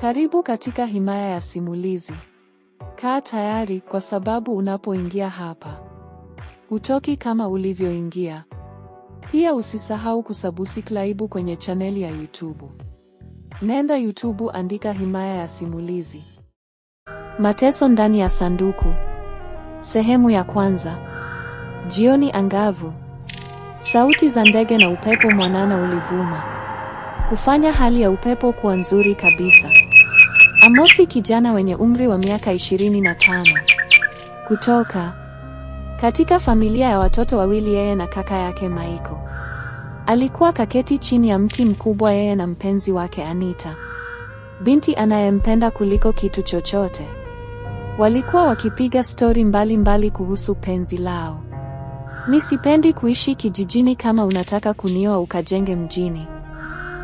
Karibu katika himaya ya simulizi. Kaa tayari kwa sababu unapoingia hapa hutoki kama ulivyoingia. Pia usisahau kusabusi klaibu kwenye chaneli ya YouTube. Nenda YouTube, andika himaya ya simulizi. Mateso ndani ya sanduku, sehemu ya kwanza. Jioni angavu, sauti za ndege na upepo mwanana ulivuma kufanya hali ya upepo kuwa nzuri kabisa. Amosi, kijana wenye umri wa miaka 25, kutoka katika familia ya watoto wawili, yeye na kaka yake Maiko, alikuwa kaketi chini ya mti mkubwa, yeye na mpenzi wake Anita, binti anayempenda kuliko kitu chochote. Walikuwa wakipiga stori mbalimbali kuhusu penzi lao. Mi sipendi kuishi kijijini, kama unataka kunioa ukajenge mjini,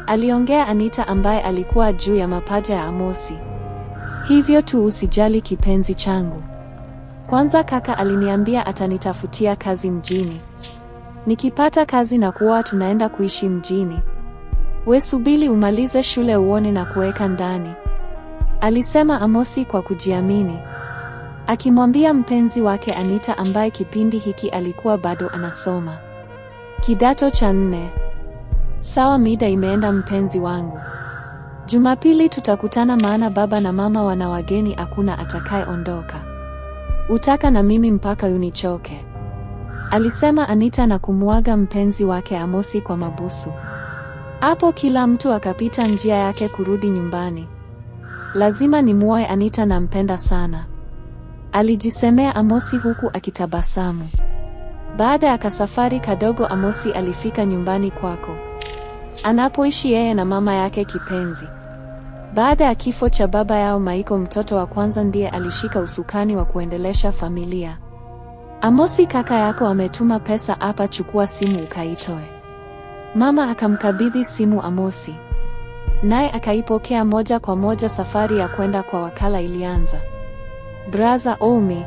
aliongea Anita ambaye alikuwa juu ya mapaja ya Amosi. Hivyo tu usijali kipenzi changu. Kwanza kaka aliniambia atanitafutia kazi mjini. Nikipata kazi na kuoa tunaenda kuishi mjini. We subiri umalize shule uone na kuweka ndani. Alisema Amosi kwa kujiamini. Akimwambia mpenzi wake Anita ambaye kipindi hiki alikuwa bado anasoma. Kidato cha nne. Sawa, mida imeenda mpenzi wangu. Jumapili tutakutana maana baba na mama wana wageni, hakuna atakayeondoka. Utaka na mimi mpaka unichoke, alisema Anita na kumwaga mpenzi wake Amosi kwa mabusu. Hapo kila mtu akapita njia yake kurudi nyumbani. Lazima nimwoe Anita, nampenda sana, alijisemea Amosi huku akitabasamu. Baada ya kasafari kadogo, Amosi alifika nyumbani kwako anapoishi yeye na mama yake kipenzi. Baada ya kifo cha baba yao Maiko, mtoto wa kwanza ndiye alishika usukani wa kuendelesha familia. Amosi, kaka yako ametuma pesa hapa, chukua simu ukaitoe. Mama akamkabidhi simu Amosi, naye akaipokea moja kwa moja. Safari ya kwenda kwa wakala ilianza. Braza Omi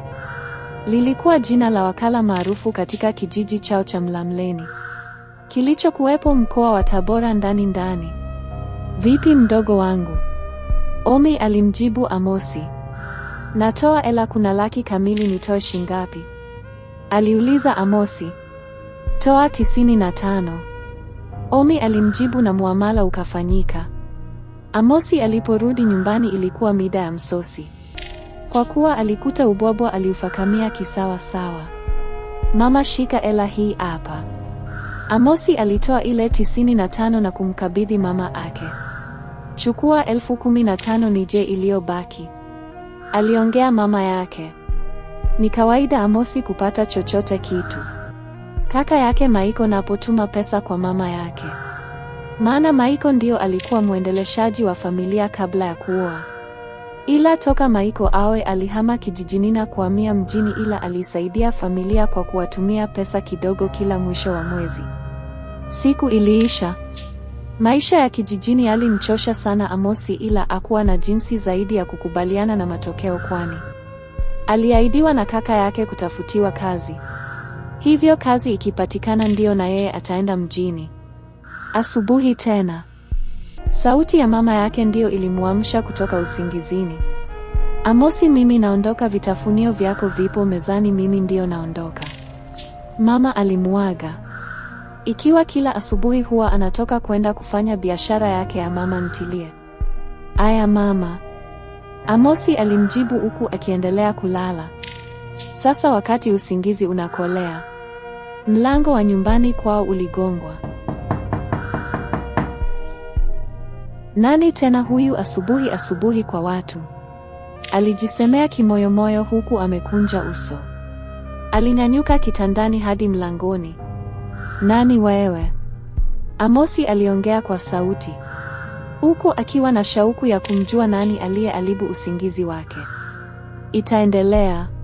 lilikuwa jina la wakala maarufu katika kijiji chao cha Mlamleni kilichokuwepo mkoa wa Tabora ndani ndani. Vipi mdogo wangu? Omi alimjibu Amosi. Natoa ela kuna laki kamili, nitoe shingapi? Aliuliza Amosi. Toa tisini na tano. Omi alimjibu na muamala ukafanyika. Amosi aliporudi nyumbani ilikuwa mida ya msosi. Kwa kuwa alikuta ubwabwa aliufakamia kisawa sawa. Mama, shika ela hii hapa. Amosi alitoa ile tisini na tano na kumkabidhi mama ake. Chukua elfu kumi na tano nije iliyobaki, aliongea mama yake. Ni kawaida Amosi kupata chochote kitu. Kaka yake Maiko napotuma pesa kwa mama yake, maana Maiko ndio alikuwa mwendeleshaji wa familia kabla ya kuoa. Ila toka Maiko awe alihama kijijini na kuhamia mjini, ila alisaidia familia kwa kuwatumia pesa kidogo kila mwisho wa mwezi. Siku iliisha. Maisha ya kijijini yalimchosha sana Amosi, ila akuwa na jinsi zaidi ya kukubaliana na matokeo, kwani aliahidiwa na kaka yake kutafutiwa kazi. Hivyo kazi ikipatikana, ndiyo na yeye ataenda mjini. Asubuhi tena Sauti ya mama yake ndiyo ilimwamsha kutoka usingizini. Amosi, mimi naondoka, vitafunio vyako vipo mezani, mimi ndiyo naondoka. Mama alimwaga. Ikiwa kila asubuhi huwa anatoka kwenda kufanya biashara yake ya mama ntilie. Aya mama. Amosi alimjibu huku akiendelea kulala. Sasa wakati usingizi unakolea, mlango wa nyumbani kwao uligongwa. Nani tena huyu asubuhi asubuhi kwa watu? Alijisemea kimoyomoyo huku amekunja uso. Alinyanyuka kitandani hadi mlangoni. Nani wewe? Amosi aliongea kwa sauti, huku akiwa na shauku ya kumjua nani aliyealibu usingizi wake. Itaendelea.